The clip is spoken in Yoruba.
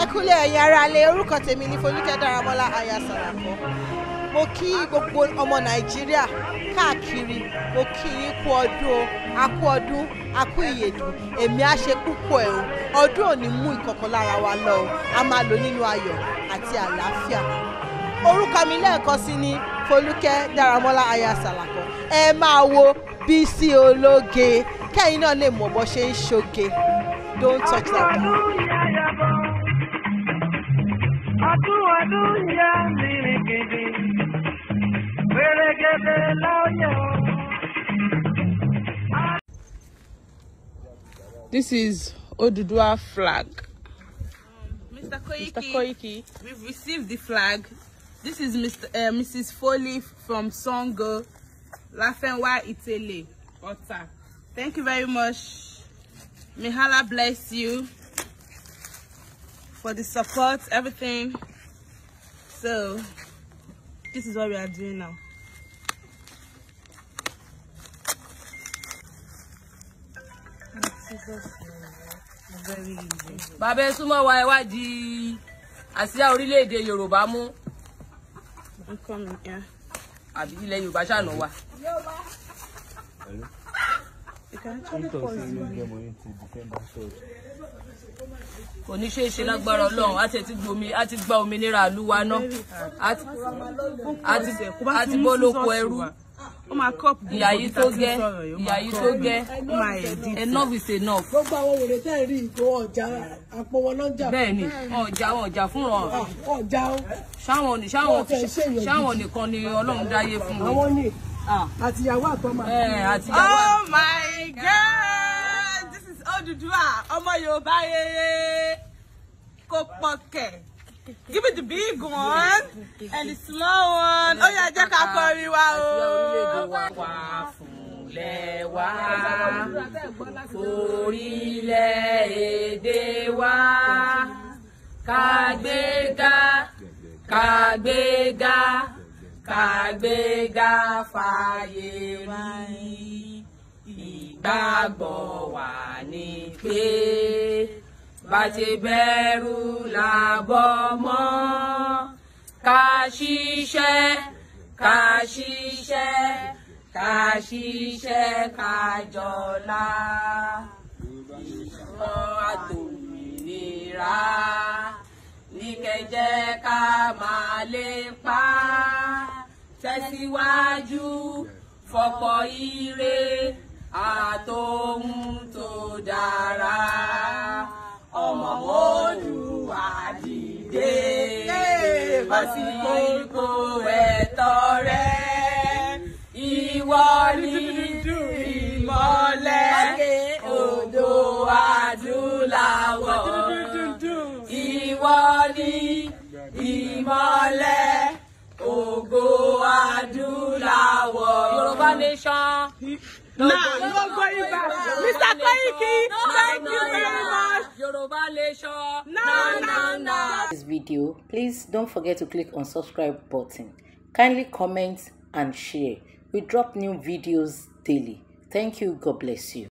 ẹ kúlẹ̀ ẹ̀yin aráalé orúkọ tèmi ni Folúkẹ́ Dáramọ́lá aya Sàràkọ́ mo kí gbogbo ọmọ Nàìjíríà káàkiri mo kí yín kú ọdún o a kú ọdún a kú ìyèdùn èmi á ṣe púpọ̀ ẹ̀ o ọdún ò ní mú ìkọ̀kan lára wa lọ o a máa lò nínú ayọ̀ àti àlàáfíà orúkọ mi lẹ́ẹ̀kan sí ni Folúkẹ́ Dáramọ́lá aya Sàràkọ́ ẹ máa wo Bísí Ológe kẹ́yìn náà lè mọ̀ bó ṣe ń ṣoge. Don't touch that This is Odudua flag. Mr. Koiki, Mr. Koiki, we've received the flag. This is Mr. Uh, Mrs. Foley from Songo, Lafenwa Itele, Ota. Thank you very much. Mihala bless you for the support, everything. So, this is what we are doing now. Bàbá ẹ súnmọ́ wa ẹ wá di àsíá I'm coming, yeah. Abi Àbí ilẹ̀ Yorùbá ṣàná wa. Yorùbá. Kò ní ṣe é ṣe lágbára Ọlọ́run, a ti ti òmìnira àlúwa náà, a ti bọ́ lóko ẹrú ó tó gẹ́ ìyá tó gẹ́ enough is enough. gbogbo àwọn wèrè tẹ́ rí ìgò ọjà àpòwọ́ bẹ́ẹ̀ni ọjà ọjà fúnra ọjà ah, ṣáwọn nìkan ni Ọlọ́run dáyé fún mi. Ah. àtìyàwó àtọmọ. Eh, oh my god this is Odudua. Omo Yorùbá rere kò pọkẹ give me the big one and the small one Oh yeah, jẹ́ ká kọrin wa o. Ilẹ̀ wa orílẹ̀ èdè wa ká gbéga kàgbéga fàyè rí ìgbàgbọ́ wa ni pé bá ṣe bẹ̀rù làbọ̀ mọ́ ká ṣiṣẹ́ ká ṣiṣẹ́ ká ṣiṣẹ́ ká jọlá ìṣúná àtòmìnira ní kẹjẹ ká máa lépa tẹ̀síwájú fọ̀pọ̀ ire àtòhun tó dára ọmọ Oòduà dìde lásìkò ipò ẹ̀tọ́ rẹ ìwọ ni ìmọ́lẹ̀ odò adúláwọ̀ ìwọ ni ìmọ́lẹ̀ ògo adúláwọ̀. Yorùbá nation. Now, no going back. Mr. Koiki, thank you very much. Yorùbá nation. No, no, no. This video, please don't forget to click on subscribe button. Kindly comment and share. We drop new videos daily. Thank you. God bless you.